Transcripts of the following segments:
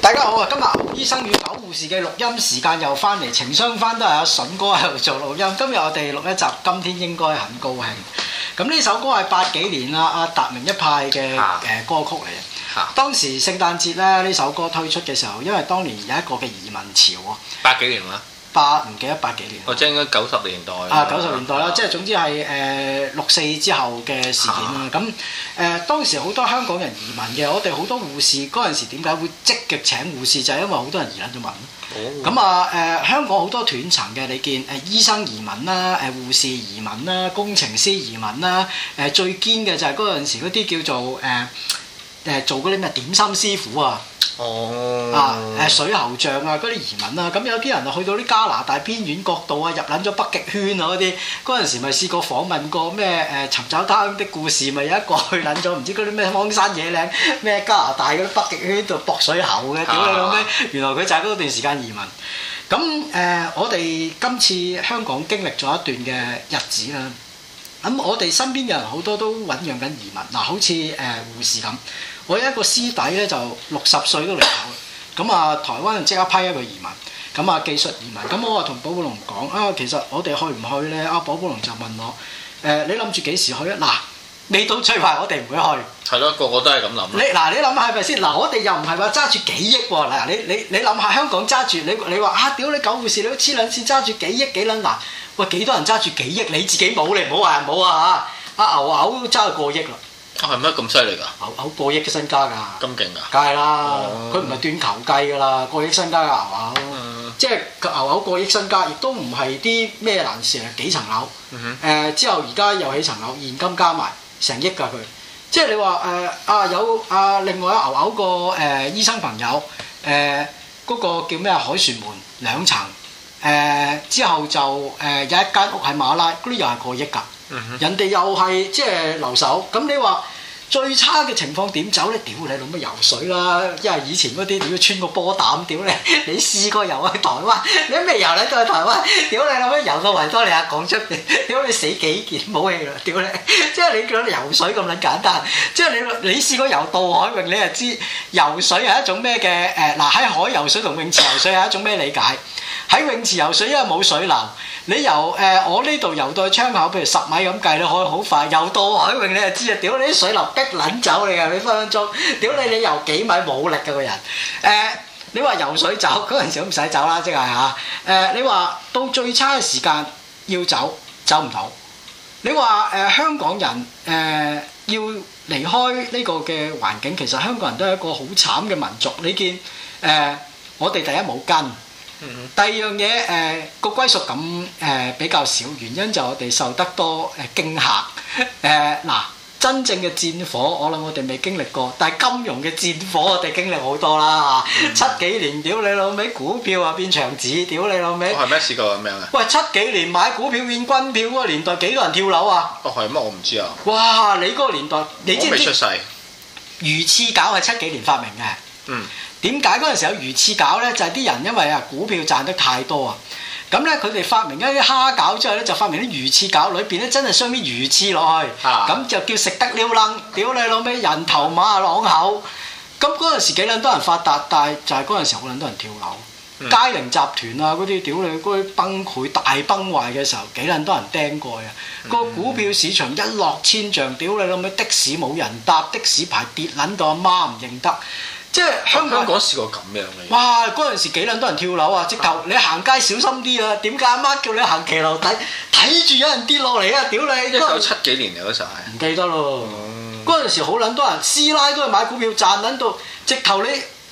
大家好啊！今日牛醫生與狗護士嘅錄音時間又翻嚟，情商翻都係阿筍哥喺度做錄音。今日我哋錄一集，今天應該很高興。咁呢首歌係八幾年啦，阿達明一派嘅誒、啊呃、歌曲嚟嘅。啊、當時聖誕節咧，呢首歌推出嘅時候，因為當年有一個嘅移民潮啊。八幾年啦。八唔記得八幾年，即係、哦、應該九十年代。啊，九十那年代啦，啊、即係總之係誒六四之後嘅事件啦。咁誒、啊呃、當時好多香港人移民嘅，我哋好多護士嗰陣時點解會積極請護士？就係、是、因為好多人移民咗民。咁啊誒香港好多斷層嘅，你見誒醫生移民啦，誒護士移民啦，工程師移民啦，誒、呃、最堅嘅就係嗰陣時嗰啲叫做誒。呃誒做嗰啲咩點心師傅啊，oh. 啊誒水喉匠啊嗰啲移民啊，咁有啲人啊去到啲加拿大邊遠角度啊，入撚咗北極圈嗰、啊、啲，嗰陣時咪試過訪問過咩誒、呃、尋找他鄉的故事，咪有一個去撚咗唔知嗰啲咩荒山野嶺咩加拿大嗰啲北極圈度駁水喉嘅，屌。你咁咩？原來佢就係嗰段時間移民。咁誒、呃，我哋今次香港經歷咗一段嘅日子啦、啊。咁我哋身邊嘅人好多都醞釀緊移民嗱，好似誒、呃、護士咁。我有一個師弟咧就六十歲都嚟考，咁啊台灣即刻批一個移民，咁啊技術移民，咁我啊同寶寶龍講啊，其實我哋去唔去咧？啊寶寶龍就問我誒、呃，你諗住幾時去啊？嗱，你到最壞我哋唔會去。係咯， 個個都係咁諗。你嗱、啊，你諗下係咪先？嗱，我哋又唔係話揸住幾億喎。嗱，你你你諗下香港揸住你你話啊屌你九護士，你都黐兩次揸住幾億幾撚嗱？喂、呃、幾多人揸住幾億？你自己冇，你唔好話冇啊嚇！啊牛牛都揸過億啦～啊，係咩咁犀利㗎？牛牛過億嘅身家㗎，咁勁㗎？梗係啦，佢唔係斷頭計㗎啦，過億身家㗎牛牛、嗯、即牛，即係牛牛過億身家，亦都唔係啲咩難事啊，幾層樓？誒、嗯哼呃、之後而家又起層樓，現金加埋成億㗎佢，即係你話誒、呃、啊有啊另外有牛牛個誒醫生朋友誒嗰、呃那個叫咩海旋門兩層誒、呃、之後就誒、呃呃、有一間屋係馬拉嗰啲又係過億㗎。人哋又係即係留守，咁你話最差嘅情況點走咧？屌你諗乜游水啦！因為以前嗰啲你要穿個波膽，屌你，你試過游去台灣？你咩游你都去台灣，屌你諗乜游到維多利亞港出面？屌你死幾件冇氣啦！屌你，即係你叫游水咁撚簡單，即係你你試過游到海泳，你就知游水係一種咩嘅？誒、呃、嗱，喺海游水同泳池游水係一種咩理解？喺泳池游水，因為冇水流，你由誒我呢度遊到去窗口，譬如十米咁計，你可以好快遊到海泳，你就知啊！屌你啲水流逼撚走你呀，你分分鐘，屌你你遊幾米冇力嘅個人。誒，你話游水走嗰陣時都唔使走啦，即係嚇。誒，你話到最差嘅時間要走，走唔到。你話誒香港人誒要離開呢個嘅環境，其實香港人都係一個好慘嘅民族。你見誒我哋第一冇根。第二樣嘢誒個歸屬感誒比較少，原因就我哋受得多誒驚嚇誒嗱，真正嘅戰火我諗我哋未經歷過，但係金融嘅戰火我哋經歷好多啦嚇，七幾年屌你老味股票啊變長紙，屌你老味，係咩試過咁樣嘅？喂，七幾年買股票變軍票嗰個年代，幾多人跳樓啊？哦，係咩我唔知啊！哇，你嗰個年代，你知唔知？我未出世。魚翅餃係七幾年發明嘅。嗯。點解嗰陣時有魚翅餃呢？就係、是、啲人因為啊股票賺得太多啊，咁呢，佢哋發明一啲蝦餃之後呢，就發明啲魚翅餃，裏邊呢，真係塞啲魚翅落去，咁、啊、就叫食得了冷。屌你老味，人頭馬朗口。咁嗰陣時幾撚多人發達，但係就係嗰陣時候好撚多人跳樓。佳寧、嗯、集團啊嗰啲屌你，嗰啲崩潰大崩壞嘅時候，幾撚多人釘蓋啊？個股票市場一落千丈，屌你老味，的士冇人搭，的士牌跌撚到阿媽唔認得。即係香港嗰時個咁樣嘅，哇！嗰陣時幾撚多人跳樓啊！的直頭你行街小心啲啊！點解阿媽叫你行騎樓底，睇住有人跌落嚟啊？屌你！一九七幾年有嗰、嗯、時候係唔記得咯。嗰陣時好撚多人師奶都係買股票賺撚到，直頭你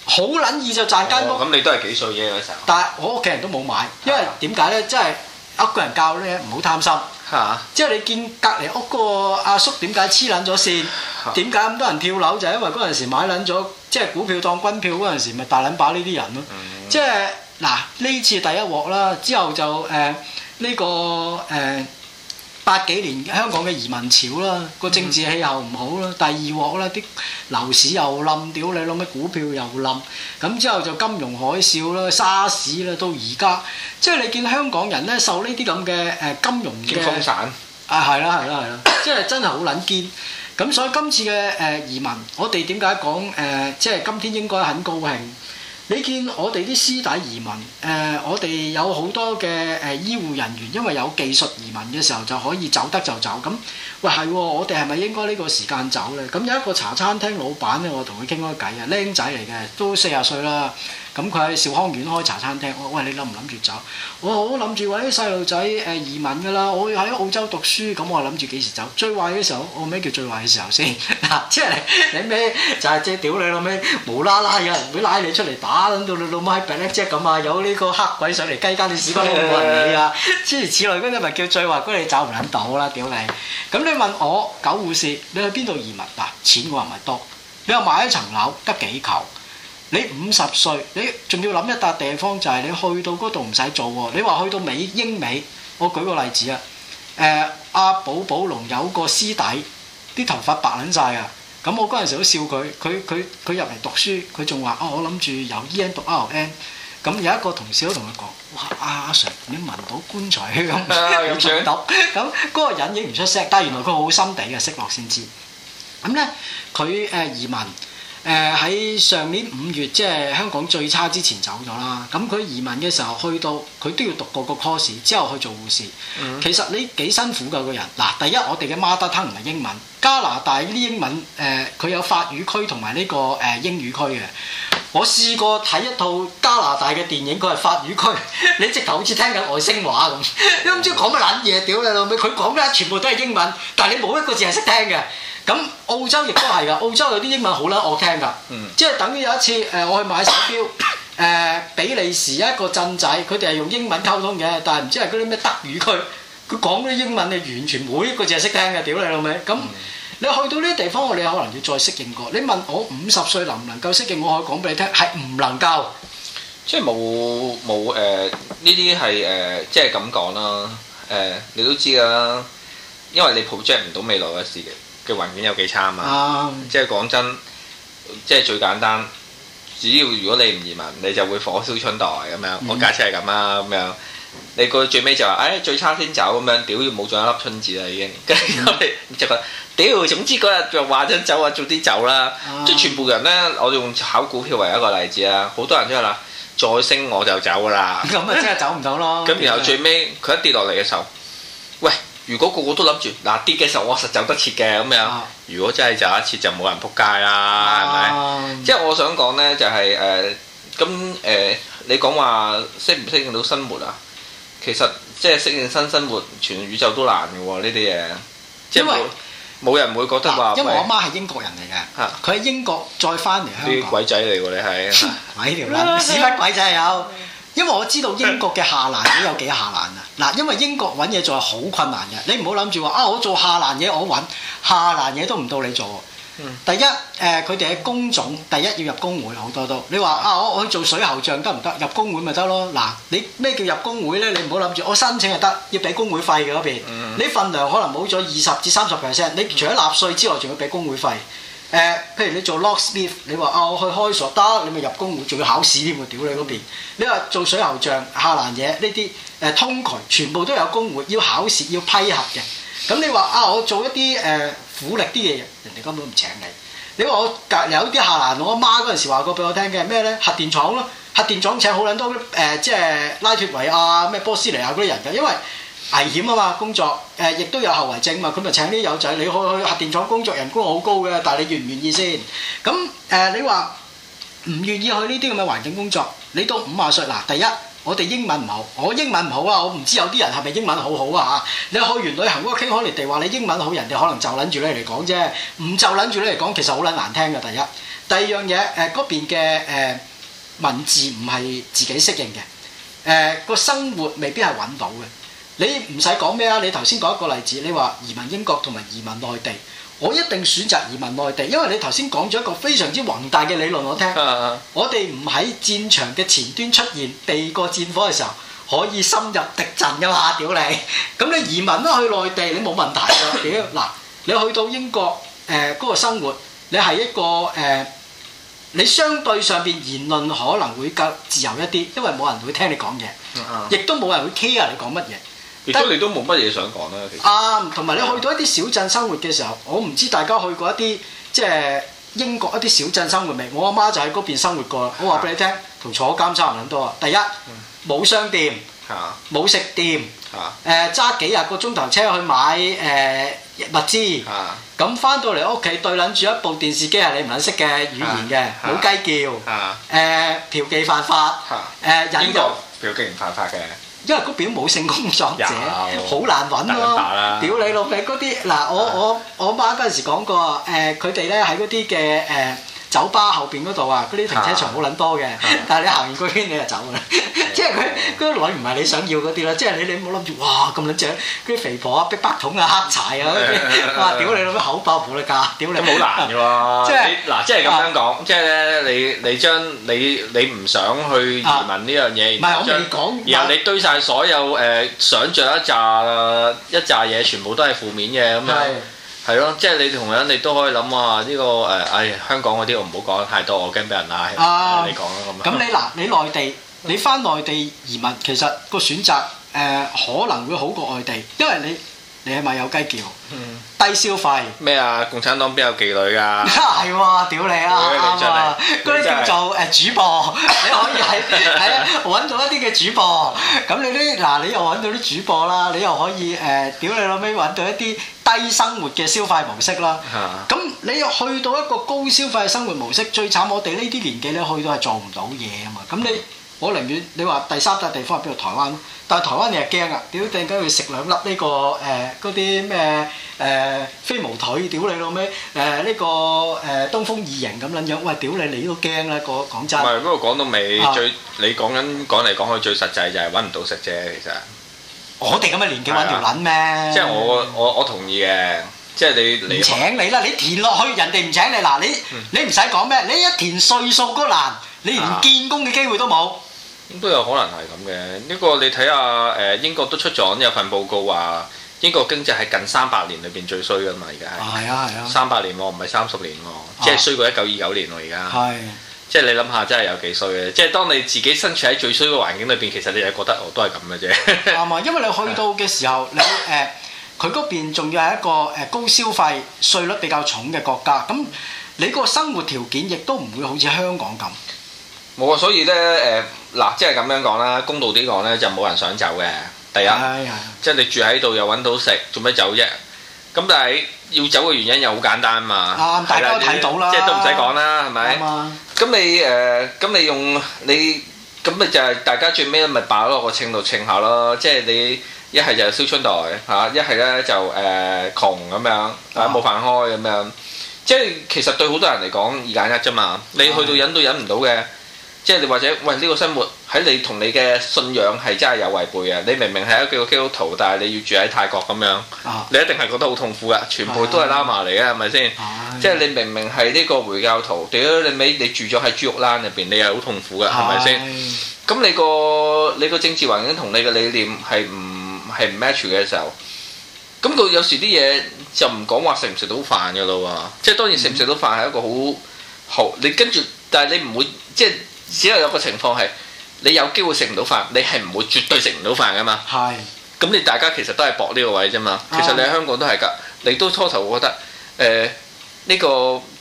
好撚易就賺間屋。咁、哦、你都係幾歲嘢嗰時候。但係我屋企人都冇買，因為點解咧？即係一個人教咧，唔好貪心。啊、即係你見隔離屋個阿叔點解黐撚咗線？點解咁多人跳樓？就係、因為嗰陣時買撚咗，即係股票當軍票嗰陣時，咪大撚把呢啲人咯。即係嗱，呢次第一鑊啦，之後就誒呢、呃呢個誒。呃八幾年香港嘅移民潮啦，個政治氣候唔好啦，嗯、第二鑊啦，啲樓市又冧，屌你攞咩股票又冧，咁之後就金融海嘯啦、沙士啦，到而家，即係你見香港人咧受呢啲咁嘅誒金融嘅風散啊，係啦係啦係啦，即係真係好撚堅。咁所以今次嘅誒、呃、移民，我哋點解講誒，即係今天應該很高興。你見我哋啲師弟移民，誒、呃，我哋有好多嘅誒、呃、醫護人員，因為有技術移民嘅時候就可以走得就走。咁，喂，係喎，我哋係咪應該呢個時間走呢？咁有一個茶餐廳老闆咧，我同佢傾開偈啊，靚仔嚟嘅，都四十歲啦。咁佢喺兆康苑開茶餐廳，我，喂，你諗唔諗住走？我好諗住，喂，啲細路仔誒移民噶啦，我要喺澳洲讀書，咁我諗住幾時走？最壞嘅時候，我咩叫最壞嘅時候先？嗱、啊，即係你咩就係即屌你老味，無啦啦有人會拉你出嚟打，等到你老母喺病一啫咁啊！有呢個黑鬼上嚟雞奸你屎窟，你冇人理啊！諸如此類嗰啲咪叫最壞嗰啲，走唔撚到啦，屌你！咁你問我九護士，你去邊度移民嗱、啊？錢我又唔係多，你話買一層樓得幾球？你五十歲，你仲要諗一笪地方，就係、是、你去到嗰度唔使做喎。你話去到美英美，我舉個例子、呃、啊，誒阿寶寶龍有個師弟，啲頭髮白撚晒啊。咁我嗰陣時都笑佢，佢佢佢入嚟讀書，佢仲話啊，我諗住由 E N 讀 R N。咁有一個同事都同佢講，哇，阿、啊、阿 Sir，你聞到棺材香要讀？咁 嗰個人影唔出聲，但係原來佢好心地嘅，識落先知。咁咧佢誒移民。誒喺、呃、上年五月即係香港最差之前走咗啦，咁佢移民嘅時候去到佢都要讀過個 course 之後去做護士，mm hmm. 其實你幾辛苦噶、這個人嗱，第一我哋嘅 mother tongue 唔係英文，加拿大呢啲英文誒佢、呃、有法語區同埋呢個誒、呃、英語區嘅，我試過睇一套加拿大嘅電影，佢係法語區， 你直頭好似聽緊外星話咁， 你唔知講乜撚嘢，屌你老味，佢講嘅全部都係英文，但係你冇一個字係識聽嘅。咁澳洲亦都係噶，澳洲有啲英文好啦，我聽噶，嗯、即係等於有一次誒、呃、我去買手錶誒、呃、比利時一個鎮仔，佢哋係用英文溝通嘅，但係唔知係嗰啲咩德語區，佢講嗰啲英文你完全每一個字係識聽嘅，屌你老味咁。嗯、你去到呢啲地方，你可能要再適應過。你問我五十歲能唔能夠適應，我可以講俾你聽係唔能夠即、呃呃，即係冇冇誒呢啲係誒，即係咁講啦。誒你都知噶啦，因為你 project 唔到未來嘅事嘅。嘅環境有幾差啊嘛，即係講真，即係最簡單，只要如果你唔移民，你就會火燒春袋咁樣。嗯、我假設係咁啊，咁樣你個最尾就話，唉、哎，最差先走咁樣，屌要冇咗一粒春子啦已經。跟住就話，屌、嗯，總之嗰日就話想走啊，早啲走啦。即係、啊、全部人咧，我用炒股票為一個例子啊，好多人出嚟啦，再升我就走噶啦。咁啊、嗯，真係走唔走咯？咁然後最尾佢其實 一跌落嚟嘅時候，喂。如果個個都諗住嗱跌嘅時候我實走得切嘅咁樣，如果真係就一切，就冇人仆街啦，係咪？即係我想講呢，就係誒咁誒，你講話適唔適應到生活啊？其實即係適應新生活，全宇宙都難嘅喎呢啲嘢，即係冇為人會覺得話。因為我媽係英國人嚟嘅，佢喺、啊、英國再翻嚟香港啲鬼仔嚟喎，你係，鬼條卵屎忽鬼仔有。呃 因為我知道英國嘅下欄嘢有幾下欄啊！嗱，因為英國揾嘢做係好困難嘅，你唔好諗住話啊，我做下欄嘢我揾下欄嘢都唔到你做。嗯、第一，誒佢哋嘅工種，第一要入工會好多都。你話啊，我去做水喉匠得唔得？入工會咪得咯。嗱，你咩叫入工會呢？你唔好諗住，我申請就得，要俾工會費嘅嗰邊。你份糧可能冇咗二十至三十 percent，你除咗納稅之外，仲要俾工會費。誒、呃，譬如你做 locksmith，你話啊，我去開鎖得，你咪入公會，仲要考試添喎，屌你嗰邊！你話做水喉匠、下欄嘢呢啲誒通渠，全部都有公會，要考試，要批核嘅。咁、嗯、你話啊，我做一啲誒、呃、苦力啲嘅嘢，人哋根本唔請你。你話我隔有啲下欄，我阿媽嗰陣時話過俾我聽嘅咩咧？核電廠咯，核電廠請好撚多誒、呃，即係拉脱維亞、咩波斯尼亞嗰啲人㗎，因為。危險啊嘛，工作誒亦、呃、都有後遺症嘛，咁就請啲友仔？你去去核電廠工作，人工好高嘅，但係你願唔願意先？咁誒、呃，你話唔願意去呢啲咁嘅環境工作？你到五十歲嗱，第一我哋英文唔好，我英文唔好，文好啊，我唔知有啲人係咪英文好好啊嚇。你去完旅行嗰個傾偈，你哋話你英文好，人哋可能就撚住你嚟講啫，唔就撚住你嚟講，其實好撚難聽㗎。第一，第二樣嘢誒嗰邊嘅誒、呃、文字唔係自己適應嘅，誒、呃、個生活未必係揾到嘅。你唔使講咩啊！你頭先講一個例子，你話移民英國同埋移民內地，我一定選擇移民內地，因為你頭先講咗一個非常之宏大嘅理論，我聽。嗯、我哋唔喺戰場嘅前端出現，避過戰火嘅時候，可以深入敵陣噶嘛？屌、呃、你！咁你移民都去內地，你冇問題㗎。屌嗱、嗯，你去到英國，誒、呃、嗰、嗰個生活，你係一個誒、呃，你相對上邊言論可能會較自由一啲，因為冇人會聽你講嘢，亦、嗯嗯、都冇人會 care 你講乜嘢。其實你都冇乜嘢想講啦，其實。啱，同埋你去到一啲小鎮生活嘅時候，我唔知大家去過一啲即係英國一啲小鎮生活未？我阿媽就喺嗰邊生活過，我話俾你聽，同坐監差唔多。第一，冇商店，冇食店，誒揸幾廿個鐘頭車去買誒物資，咁翻到嚟屋企對撚住一部電視機係你唔認識嘅語言嘅，冇雞叫，誒嫖妓犯法，誒引導嫖妓唔犯法嘅。因為嗰邊冇性工作者，好有難揾咯。屌你老味，嗰啲嗱，我我我媽嗰陣時講過，誒、呃，佢哋咧喺嗰啲嘅誒。酒吧後邊嗰度啊，嗰啲停車場好撚多嘅，但係你行完個圈你就走啦，即係佢嗰啲女唔係你想要嗰啲啦，即係你你冇諗住「哇咁撚正」，嗰啲肥婆啊、逼包桶啊、黑柴啊嗰啲，哇屌你老母口爆胡咧架，屌你！咁好難嘅喎，即係嗱，即係咁樣講，即係咧你你將你你唔想去移民呢樣嘢，唔然後將然後你堆晒所有誒想像一紮一紮嘢，全部都係負面嘅咁樣。係咯、嗯，即係你同樣，你都可以諗啊呢、這個誒，唉、哎哎，香港嗰啲我唔好講太多，我驚俾人拉、啊哎。你講啦咁樣。咁、嗯、 你嗱，你內地，你翻內地移民，其實個選擇誒、呃、可能會好過外地，因為你。你咪有雞叫，嗯、低消費咩啊？共產黨邊有妓女㗎？係喎、 啊，屌你啊啱啊！嗰啲叫做誒主播， 你可以喺喺揾到一啲嘅主播。咁你啲嗱，你又揾到啲主播啦，你又可以誒、呃，屌你後尾揾到一啲低生活嘅消費模式啦。咁 你去到一個高消費嘅生活模式，最慘我哋呢啲年紀咧，去到係做唔到嘢啊嘛。咁你我寧願你話第三笪地方係邊度？台灣。但係台灣人係驚啊！屌，突然間佢食兩粒呢個誒嗰啲咩誒飛毛腿，屌你老味誒呢個誒東風二型咁撚樣，喂，屌你你都驚啦個講真。唔係，不過講到尾最你講緊講嚟講去最實際就係揾唔到食啫，其實。我哋咁嘅年紀揾條撚咩？即係我我我同意嘅，即係你你。唔請你啦！你填落去，人哋唔請你。嗱，你你唔使講咩？你一填歲數嗰欄，你連見工嘅機會都冇。都有可能係咁嘅，呢、這個你睇下誒、呃、英國都出咗有份報告話英國經濟係近三百年裏邊最衰嘅嘛，而家係。係啊係啊，三百年喎，唔係三十年喎，即係衰過一九二九年喎，而家。係。即係你諗下，真係有幾衰嘅。即係當你自己身處喺最衰嘅環境裏邊，其實你又覺得我都係咁嘅啫。啱 啊，因為你去到嘅時候，的你誒佢嗰邊仲要係一個誒高消費、稅率比較重嘅國家，咁你個生活條件亦都唔會好似香港咁。冇，所以咧誒嗱，即係咁樣講啦，公道啲講咧就冇人想走嘅。第一，即係你住喺度又揾到食，做咩走啫？咁但係要走嘅原因又好簡單嘛。啊，大家都睇到啦，即係都唔使講啦，係咪？咁你誒，咁你用你咁咪就係大家最尾咪擺落個秤度稱下咯。即係你一係就燒春袋嚇，一係咧就誒窮咁樣，啊，冇飯開咁樣。即係其實對好多人嚟講二揀一啫嘛。你去到忍都忍唔到嘅。即係你或者喂呢個生活喺你同你嘅信仰係真係有違背嘅。你明明係一個基督徒，但係你要住喺泰國咁樣，啊、你一定係覺得好痛苦嘅。全部都係喇嘛嚟嘅，係咪先？即係你明明係呢個回教徒，屌你咪你住咗喺豬肉欄入邊，你係好痛苦嘅，係咪先？咁你個你個政治環境同你嘅理念係唔係唔 match 嘅時候，咁佢有時啲嘢就唔講話食唔食到飯嘅啦喎。即係當然食唔食到飯係一個好好，你跟住但係你唔會即係。只係有個情況係，你有機會食唔到飯，你係唔會絕對食唔到飯噶嘛。係。咁你大家其實都係搏呢個位啫嘛。其實你喺香港都係噶，你都初頭會覺得，誒呢個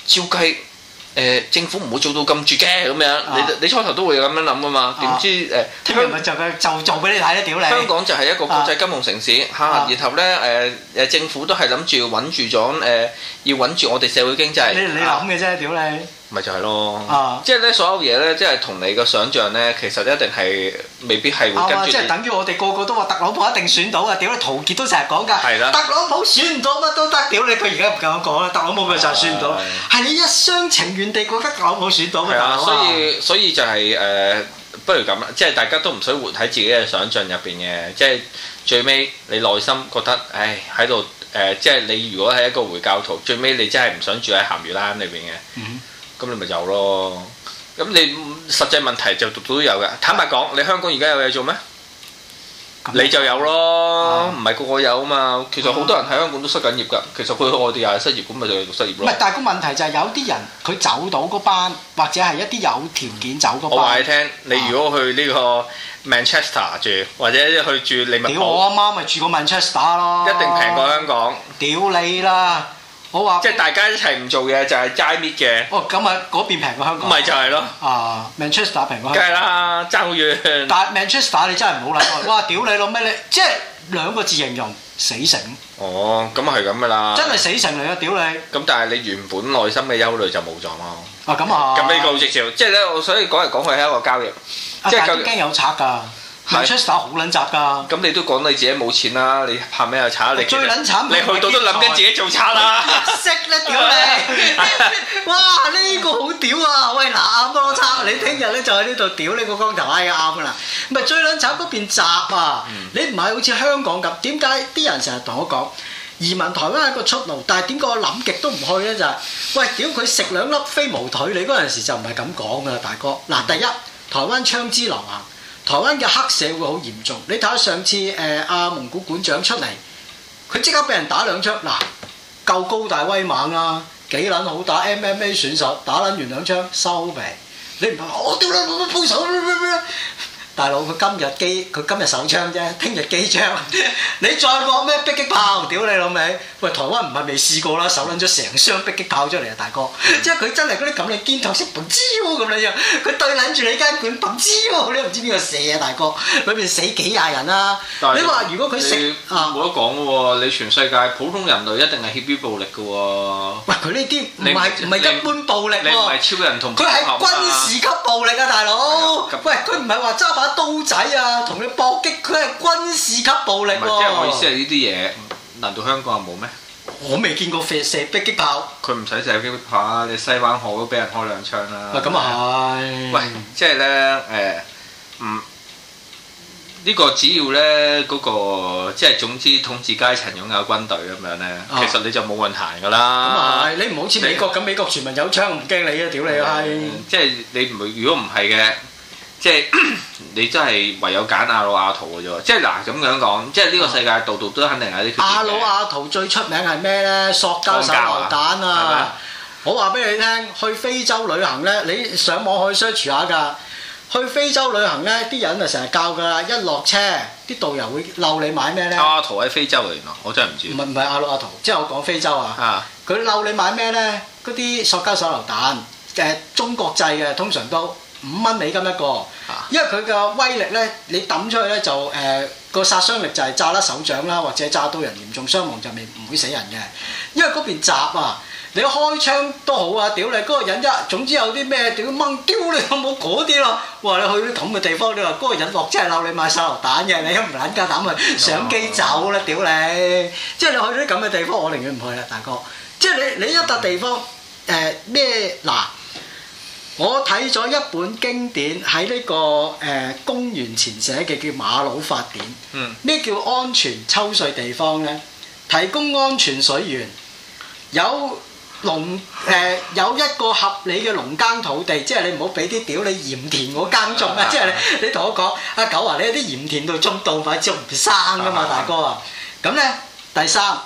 照計，誒政府唔會做到咁絕嘅咁樣。你你初頭都會咁樣諗噶嘛？點知誒？聽唔係就就就俾你睇啦，屌你！香港就係一個國際金融城市，嚇。然後呢誒誒政府都係諗住穩住咗，誒要穩住我哋社會經濟。你你諗嘅啫，屌你！咪就係咯，啊，即係咧，所有嘢咧，即係同你個想象咧，其實一定係未必係會跟住你，啊、即係等於我哋個個都話特朗普一定選到啊！屌你，陶傑都成日講㗎。特朗普選唔到乜都得，屌你佢而家唔夠膽講啦。特朗普咪就係選唔到，係你一廂情願地覺得特朗普選到。係所以所以就係，是、誒、呃，不如咁啦，即係大家都唔使活喺自己嘅想象入邊嘅，即係最尾你內心覺得，唉，喺度誒，即係你如果係一個回教徒，最尾你真係唔想住喺鹹魚欄裏邊嘅。嗯咁你咪有咯，咁你實際問題就度度都有嘅。坦白講，你香港而家有嘢做咩？你就有咯，唔係個個有啊嘛。其實好多人喺香港都失緊業㗎。其實佢去外地又係失業，咁咪就係讀失業咯。唔係，但係個問題就係有啲人佢走到嗰班，或者係一啲有條件走嗰班。我話你聽，你如果去呢個 Manchester 住，或者去住利物浦，我阿媽咪住過 Manchester 咯，一定平過香港。屌你啦！好啊，即係大家一齊唔做嘢就係齋搣嘅。哦，咁啊，嗰邊平過香港。唔係就係咯。啊，Manchester 平過香港。梗係啦，爭好遠。但 Manchester 你真係唔好睇佢，哇！屌你老咩你，即係兩個字形容死城。哦，咁啊係咁噶啦。真係死城嚟啊！屌你。咁但係你原本內心嘅憂慮就冇咗咯。啊，咁啊。咁呢個好直接，即係咧，我所以講嚟講去係一個交易。啊，但係你驚有賊㗎。出事好撚雜㗎，咁你都講你自己冇錢啦，你怕咩啊？賊，你最撚慘，慘的你去到都諗緊自己做賊啦，識啦屌你！哇，呢、這個好屌啊！喂，嗱，幫我擦，你聽日咧就喺呢度屌你個光頭唉，啱㗎啦，咪最撚慘嗰邊雜啊！你唔係好似香港咁，點解啲人成日同我講移民台灣係一個出路？但係點解我諗極都唔去咧？就係、是、喂，屌佢食兩粒飛毛腿，你嗰陣時就唔係咁講㗎，大哥。嗱，第一台灣槍支流行。台灣嘅黑社會好嚴重，你睇上次誒阿、呃啊、蒙古館長出嚟，佢即刻俾人打兩槍，嗱夠高大威猛啊，幾撚好打 MMA 選手，打撚完兩槍收皮。你唔怕我屌你，放、啊、手大佬，佢今日機佢今日手槍啫，聽日機槍， 你再講咩迫擊炮？屌你老味！喂，台灣唔係未試過啦，手撚咗成箱迫擊炮出嚟啊，大哥！嗯、即係佢真係嗰啲咁嘅肩頭射白蕉咁樣、嗯、樣，佢、嗯、對撚住你間館白蕉，你都唔知邊個射啊，大哥！裏面死幾廿人啦、啊！是你話如果佢射，冇得講喎，你全世界普通人類一定係怯於暴力嘅喎、啊。喂，佢呢啲唔係唔係一般暴力喎、啊，你唔係超人同佢係軍事級暴力啊，大佬！喂，佢唔係話揸把。刀仔啊，同佢搏擊，佢係軍事級暴力喎、啊。即係我意思係呢啲嘢，難道香港又冇咩？我未見過射射迫擊炮。佢唔使迫擊炮，你西灣河都俾人開兩槍啦。咁啊係。喂是，即係咧誒，唔呢、哎就是哎嗯這個只要咧、那、嗰個，即、就、係、是、總之統治階層擁有軍隊咁樣咧，啊、其實你就冇運行噶啦。咁係、啊，你唔好似美國咁你、嗯，美國全民有槍唔驚你啊，屌你係。即係你唔，如果唔係嘅。即係 你真係唯有揀阿魯阿圖嘅啫即係嗱咁樣講，即係呢個世界度度、啊、都肯定係啲。阿魯阿圖最出名係咩咧？塑膠手榴彈啊！我話俾你聽，去非洲旅行咧，你上網可以 search 下㗎。去非洲旅行咧，啲人就成日教㗎啦。一落車，啲導遊會嬲你買咩咧？阿、啊、圖喺非洲原來我真係唔知。唔係唔係，阿魯阿圖，即係我講非洲啊！佢嬲、啊、你買咩咧？嗰啲塑膠手榴彈，誒、呃、中國製嘅，通常都。五蚊美金一個，因為佢嘅威力咧，你抌出去咧就誒個、呃、殺傷力就係炸甩手掌啦，或者炸到人嚴重傷亡就未唔會死人嘅，因為嗰邊閘啊，你開槍都好啊，屌你嗰個人一，總之有啲咩屌掹丟你，丟你有冇嗰啲咯，哇！你去啲咁嘅地方，你話嗰個人落真係鬧你買手榴彈嘅，你唔撚夠膽去上機走啦，屌你！嗯、即係你去到啲咁嘅地方，我寧願唔去啦，大哥。即係你你一笪地方誒咩嗱？呃我睇咗一本經典、這個，喺呢個誒公元前寫嘅叫《馬魯法典》。嗯，咩叫安全抽稅地方呢？提供安全水源，有農誒、呃、有一個合理嘅農耕土地，即係你唔好俾啲屌你鹽田我耕種啊！即係你同我講，阿九啊，你喺啲鹽田度種稻米，種唔生噶嘛，大哥啊！咁、嗯、咧、嗯、第三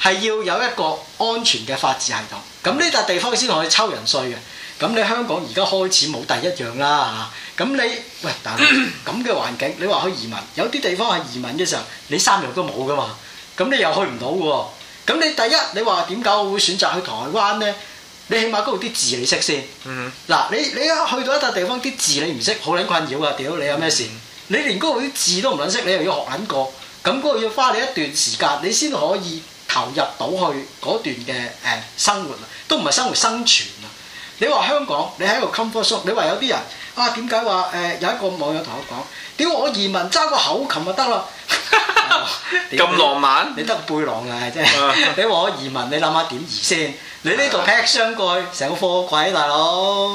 係要有一個安全嘅法治系統，咁呢笪地方先可以抽人稅嘅。咁你香港而家開始冇第一樣啦嚇，咁你喂大佬咁嘅環境，你話去移民，有啲地方係移民嘅時候，你三樣都冇噶嘛，咁你又去唔到喎。咁你第一你話點解我會選擇去台灣咧？你起碼嗰度啲字你識先。嗯、mm。嗱、hmm. 你你一去到一笪地方，啲字你唔識，好撚困擾啊！屌你有咩事？Mm hmm. 你連嗰度啲字都唔撚識，你又要學撚個，咁嗰個要花你一段時間，你先可以投入到去嗰段嘅誒生活啊，都唔係生活生存啊。你話香港，你喺度 comfort zone，你話有啲人啊點解，話誒有一個網友同我講，屌我移民揸個口琴就得咯，咁浪漫，你得個背囊啊真係，你話我移民，你諗下點移先？你呢度 pack 箱過去成個貨櫃，大佬，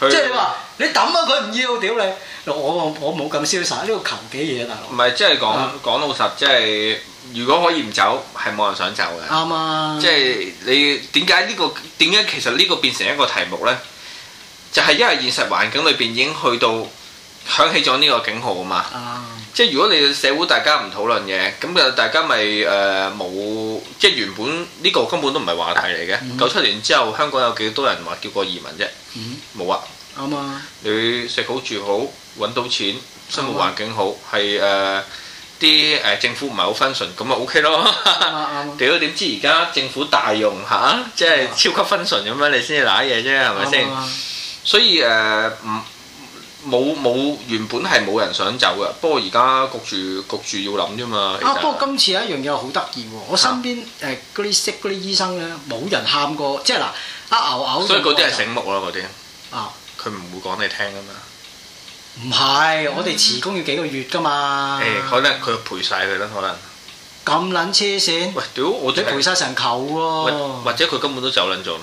即係你話你抌啊佢唔要，屌你，我我冇咁瀟灑，呢個求幾嘢，大佬。唔係，即係講講老實，即係。如果可以唔走，係冇、嗯、人想走嘅。啱啊、嗯！即係、就是、你點解呢個點解其實呢個變成一個題目呢？就係、是、因為現實環境裏邊已經去到響起咗呢個警號啊嘛！即係、嗯、如果你社會大家唔討論嘢，咁就大家咪誒冇即係原本呢個根本都唔係話題嚟嘅。嗯、九七年之後，香港有幾多人話叫過移民啫？冇、嗯、啊。啱啊、嗯！你食好住好揾到錢，生活環境好係誒。嗯啲誒政府唔係好 function，咁咪 O K 咯。屌 點 知而家政府大用嚇，即、啊、係超級 function 咁樣，你先至攋嘢啫，係咪先？ 所以誒，唔冇冇原本係冇人想走㗎，不過而家焗住焗住要諗啫嘛。不過、啊、今次有一樣嘢好得意喎，我身邊誒嗰啲識嗰啲醫生咧，冇人喊過，即係嗱，阿牛牛。所以嗰啲係醒目咯，嗰啲。啊，佢唔、啊、會講你聽㗎嘛。唔係，我哋辭工要幾個月噶嘛。誒，可能佢賠晒佢啦，可能。咁撚黐線。喂，屌！我都賠晒成球喎。或者佢根本都走撚咗咯。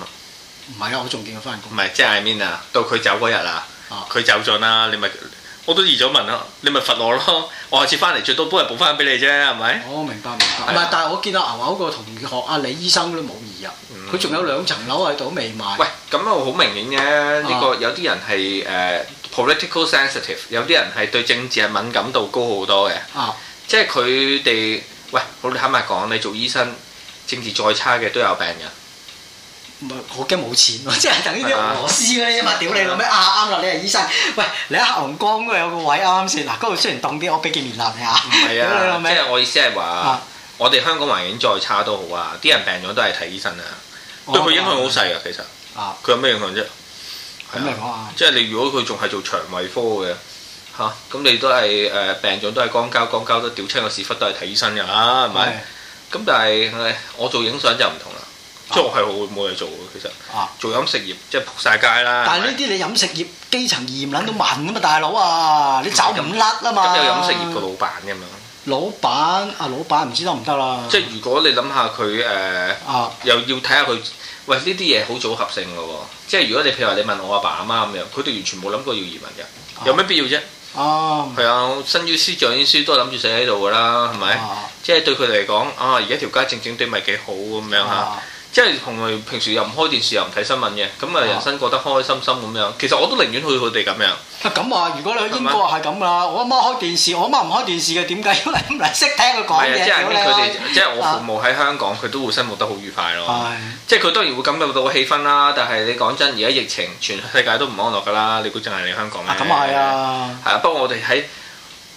唔係啊，我仲見佢翻工。唔係，即係 I mean 啊，到佢走嗰日啊，佢走咗啦，你咪我都移咗民啦，你咪罰我咯，我下次翻嚟最多幫人補翻俾你啫，係咪？哦，我明白，明白。唔係，但係我見到牛牛個同學阿李醫生都冇移入，佢仲有兩層樓喺度都未賣。喂，咁我好明顯嘅，呢個有啲人係誒。Political sensitive 有啲人係對政治係敏感度高好多嘅，啊、即係佢哋喂，好，我哋坦白講，你做醫生，政治再差嘅都有病人。唔係，我驚冇錢，即係等於啲俄羅斯嗰啲啊嘛！屌你老味啊，啱啦、 啊啊，你係醫生，喂，你喺黑龍江嗰度有個位啱先嗱，嗰、啊、度雖然凍啲，我俾件棉衲你啊。唔係啊，即係我意思係話，啊、我哋香港環境再差都好啊，啲人病咗都係睇醫生啊，對佢影響好細噶，其實。啊。佢、啊、有咩影響啫？係即係你如果佢仲係做腸胃科嘅，嚇咁你都係誒病咗，都係肛交肛交都掉青個屎忽都係睇醫生㗎啦，係咪？咁但係我做影相就唔同啦，即係我係冇冇嘢做嘅其實。做飲食業即係撲晒街啦。但係呢啲你飲食業基層嫌撚到暈啊嘛，大佬啊，你走唔甩啊嘛。咁有飲食業個老闆咁樣。老闆啊，老闆唔知得唔得啦。即係如果你諗下佢誒，又要睇下佢。喂，呢啲嘢好組合性嘅喎，即係如果你譬如話你問我阿爸阿媽咁樣，佢哋完全冇諗過要移民嘅，啊、有咩必要啫？哦，係啊，生於斯長於斯，都諗住死喺度㗎啦，係咪、啊？即係對佢嚟講，啊而家條街正正對咪幾好咁樣嚇。啊啊即係同佢平時又唔開電視又唔睇新聞嘅，咁啊人生過得開開心心咁樣。其實我都寧願去佢哋咁樣。啊咁啊！如果你去英國係咁噶啦，嗎我媽，媽開電視，我媽唔開電視嘅，點解要嚟？識 聽佢講嘢即係佢哋，即係我父母喺香港，佢、啊、都會生活得好愉快咯。是即係佢當然會感覺到個氣氛啦。但係你講真，而家疫情全世界都唔安樂噶啦，你估淨係你香港咩？啊咁啊啊！係啊，不過我哋喺。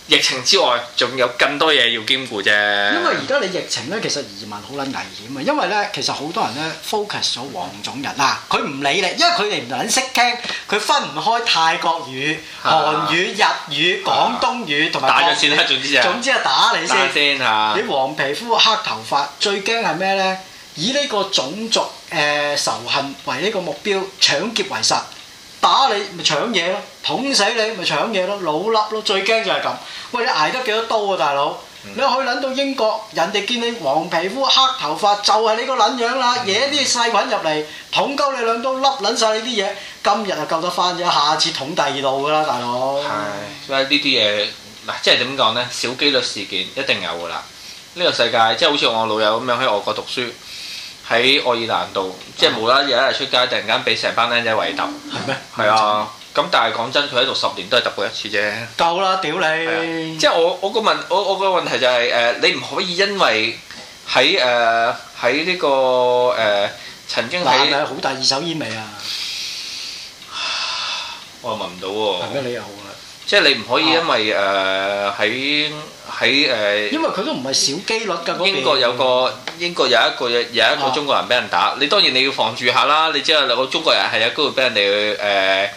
疫情之外，仲有更多嘢要兼顧啫。因為而家你疫情咧，其實移民好撚危險啊！因為咧，其實好多人咧 focus 咗黃種人啊，佢唔理你，因為佢哋唔撚識聽，佢分唔開泰國語、韓、啊、語、日語、廣東語同埋。啊、打咗先啦、啊，總之就。總之就打你先。先嚇、啊。你黃皮膚黑頭髮，最驚係咩咧？以呢個種族誒、呃、仇恨為呢個目標，搶劫為實，打你咪搶嘢咯。捅死你咪搶嘢咯，老笠咯，最驚就係咁。喂，你挨得幾多刀啊，大佬？嗯、你可以諗到英國人哋見你黃皮膚黑頭髮，就係、是、你個撚樣啦，惹啲細菌入嚟，捅鳩你兩刀，笠撚晒你啲嘢。今日就救得翻啫，下次捅第二度噶啦，大佬。係，所以呢啲嘢嗱，即係點講呢？小機率事件一定有噶啦。呢個世界即係好似我老友咁樣喺外國讀書，喺愛爾蘭度，即係無啦啦一日出街，突然間俾成班靚仔圍揼。係咩？係啊。真咁但係講真，佢喺度十年都係揼過一次啫。夠啦，屌你！啊、即係我我個問我我個問題就係、是、誒、呃，你唔可以因為喺誒喺呢個誒、呃、曾經喺好大二手煙味啊！我聞唔到喎、啊。係咩理由啊？即係你唔可以因為誒喺喺誒。啊呃呃、因為佢都唔係小機率㗎。英國有個英國有一個有一個,有一個中國人俾人打，啊、你當然你要防住下啦。你知啦，個中國人係有機會俾人哋誒。呃呃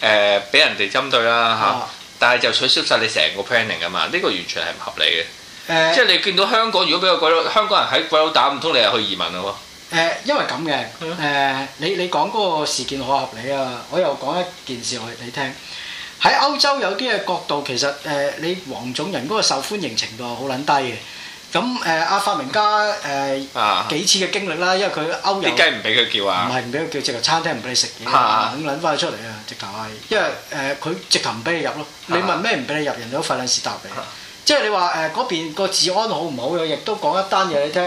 誒俾、呃、人哋針對啦嚇，啊、但係就取消晒你成個 planning 啊嘛，呢、這個完全係唔合理嘅。呃、即係你見到香港，如果俾個鬼佬香港人喺鬼佬打唔通，你又去移民咯喎、呃。因為咁嘅。誒的、呃，你你講嗰個事件好合理啊，我又講一件事我你聽。喺歐洲有啲嘅角度其實誒、呃，你黃種人嗰個受歡迎程度好撚低嘅。咁誒阿發明家誒、呃啊、幾次嘅經歷啦，因為佢歐遊，啲雞唔俾佢叫啊，唔係唔俾佢叫，直頭餐廳唔俾你食嘢，咁撚翻佢出嚟啊！直頭係，因為誒佢、呃、直頭唔俾你入咯。啊、你問咩唔俾你入？人哋都費撚事答你，即係你話誒嗰邊個治安好唔好嘅，亦都講一單嘢你聽。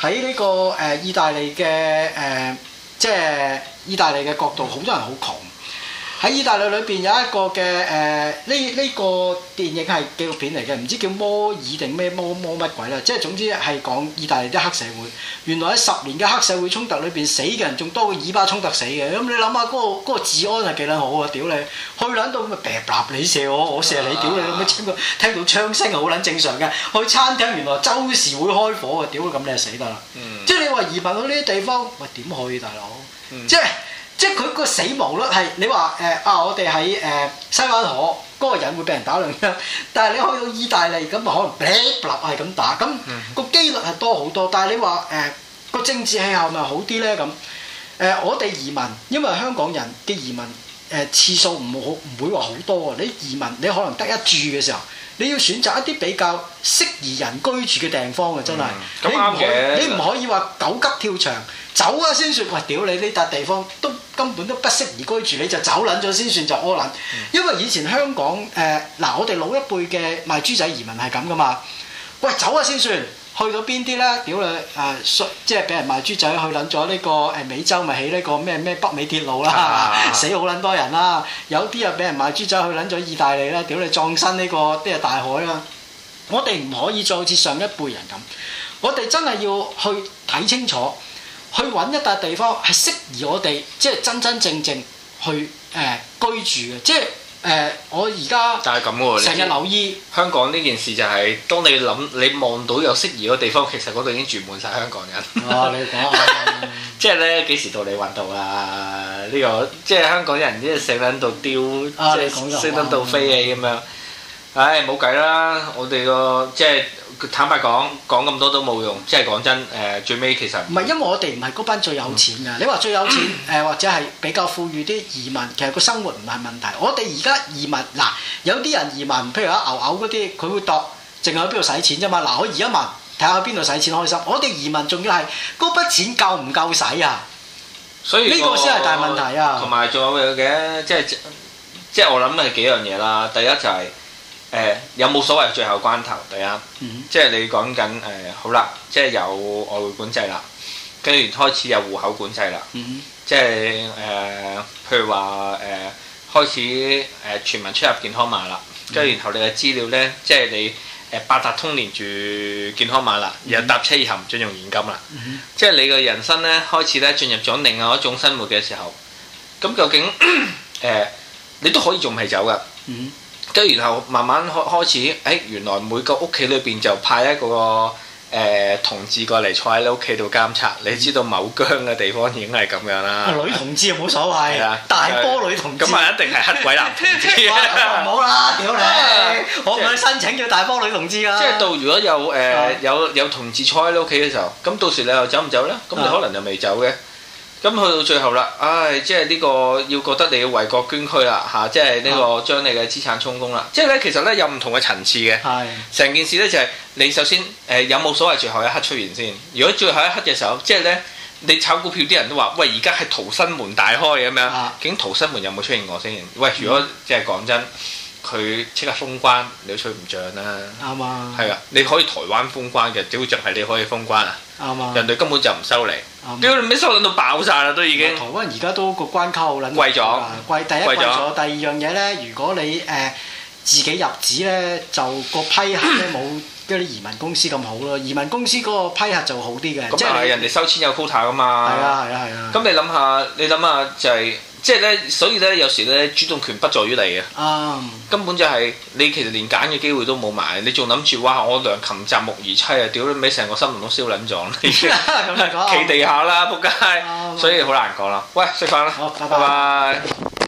喺呢、這個誒、呃、意大利嘅誒、呃，即係意大利嘅角度，好多人好窮。嗯喺意大利裏邊有一個嘅誒，呢呢個電影係紀錄片嚟嘅，唔知叫摩爾定咩摩摩乜鬼啦，即係總之係講意大利啲黑社會。原來喺十年嘅黑社會衝突裏邊，死嘅人仲多過以巴衝突死嘅。咁你諗下，嗰個治安係幾撚好啊？屌你，去撚到咁啊，呯呯你射我，我射你，屌你，咁樣超過聽到槍聲係好撚正常嘅。去餐廳原來周時會開火啊！屌，咁你啊死得啦。即係你話移民到呢啲地方，喂點去大佬？即係。即係佢個死亡率係你話誒啊！我哋喺誒西灣河嗰、那個人會俾人打兩槍，但係你去到意大利咁就可能砰立係咁打，咁個機率係多好多。但係你話誒個政治氣候咪好啲咧咁？誒、呃、我哋移民，因為香港人嘅移民誒、呃、次數唔好唔會話好多啊！你移民你可能得一住嘅時候，你要選擇一啲比較適宜人居住嘅地方啊！真係，嗯、你唔你唔可以話的狗急跳牆。走啊先算。喂，屌你呢笪地方都根本都不適宜居住，你就走撚咗先算就屙撚。嗯、因為以前香港誒嗱、呃，我哋老一輩嘅賣豬仔移民係咁噶嘛。喂，走啊先算，去到邊啲咧？屌你誒、呃，即係俾人賣豬仔去撚咗呢個誒美洲，咪起呢個咩咩北美鐵路啦，死好撚多人啦。有啲又俾人賣豬仔去撚咗意大利啦，屌你葬身呢、這個啲係、這個、大海啦。我哋唔可以再好似上一輩人咁，我哋真係要去睇清楚。去揾一笪地方係適宜我哋，即係真真正正去誒、呃、居住嘅，即係誒、呃、我而家。就係咁喎，成日留意香港呢件事就係、是，當你諗你望到有適宜嘅地方，其實嗰度已經住滿晒香港人。 哦，你講、嗯、 即係咧幾時到你運到啦？呢、這個即係香港人、嗯哎，即係成日喺度丟，即係講到飛起咁樣。唉，冇計啦，我哋個即係。坦白講，講咁多都冇用。即係講真，真，誒、呃、最尾其實唔係因為我哋唔係嗰班最有錢嘅。嗯、你話最有錢，誒、呃、或者係比較富裕啲移民，其實個生活唔係問題。我哋而家移民，嗱有啲人移民，譬如話牛牛嗰啲，佢會度，淨係喺邊度使錢啫嘛。嗱，我移一問，睇下喺邊度使錢開心。我哋移民仲要係嗰筆錢夠唔夠使啊？所以呢、呢個先係大問題啊！同埋仲有嘅，即係即係我諗係幾樣嘢啦。第一就係、係。誒、呃、有冇所謂最後關頭？第一，嗯、哼即係你講緊誒、呃、好啦，即係有外匯管制啦，跟住開始有戶口管制啦，嗯、哼即係誒、呃、譬如話誒、呃、開始誒、呃、全民出入健康碼啦，跟住、嗯、哼然後你嘅資料咧，即係你誒八達通連住健康碼啦，然後搭車以後唔準用現金啦，嗯、哼即係你嘅人生咧開始咧進入咗另外一種生活嘅時候，咁究竟誒、呃、你都可以仲係走噶。嗯跟住然後慢慢開始，誒、哎、原來每個屋企裏邊就派一個誒、呃、同志過嚟坐喺你屋企度監察。嗯、你知道某疆嘅地方已經係咁樣啦。女同志又冇所謂，的大波女同志咁啊，呃、一定係黑鬼男同志。唔好 啦，屌你！ 我唔去申請叫大波女同志啦、啊。即係到如果有誒、呃、有有同志坐喺你屋企嘅時候，咁到時你又走唔走呢？咁你可能又未走嘅。咁去到最後啦，唉，即係呢、這個要覺得你要為國捐軀啦，吓、啊，即係呢、這個、啊、將你嘅資產充公啦。即係咧，其實咧有唔同嘅層次嘅，成的件事咧就係、是、你首先誒、呃、有冇所謂最後一刻出現先。如果最後一刻嘅時候，即係咧你炒股票啲人都話，喂，而家係逃生門大開咁樣，究竟逃生門有冇出現過先？喂，如果、嗯、即係講真，佢即刻封關，你都吹唔漲啦。啱啊的。係啊，你可以台灣封關嘅，主要著係你可以封關啊。啱啊的。人哋根本就唔收你。屌你咪收捻到爆晒啦，嗯、都已經。嗯、台灣而家都個關卡好捻貴咗，貴了第一貴咗，貴了第二樣嘢咧，如果你誒、呃、自己入紙咧，就、這個批核咧冇啲移民公司咁好咯，移民公司嗰個批核就好啲嘅。咁啊，人哋收錢有 quota 噶嘛？係啊，係啊，係啊。咁、啊啊啊、你諗下，你諗下就係、是。即係咧，所以咧有時咧主動權不在於你啊，嗯、根本就係、是、你其實連揀嘅機會都冇埋，你仲諗住哇我良禽擇木而棲啊，屌你咪成個森林都燒撚咗，企地下啦仆街，嗯、所以好難講啦。喂，食飯啦，拜拜。拜拜。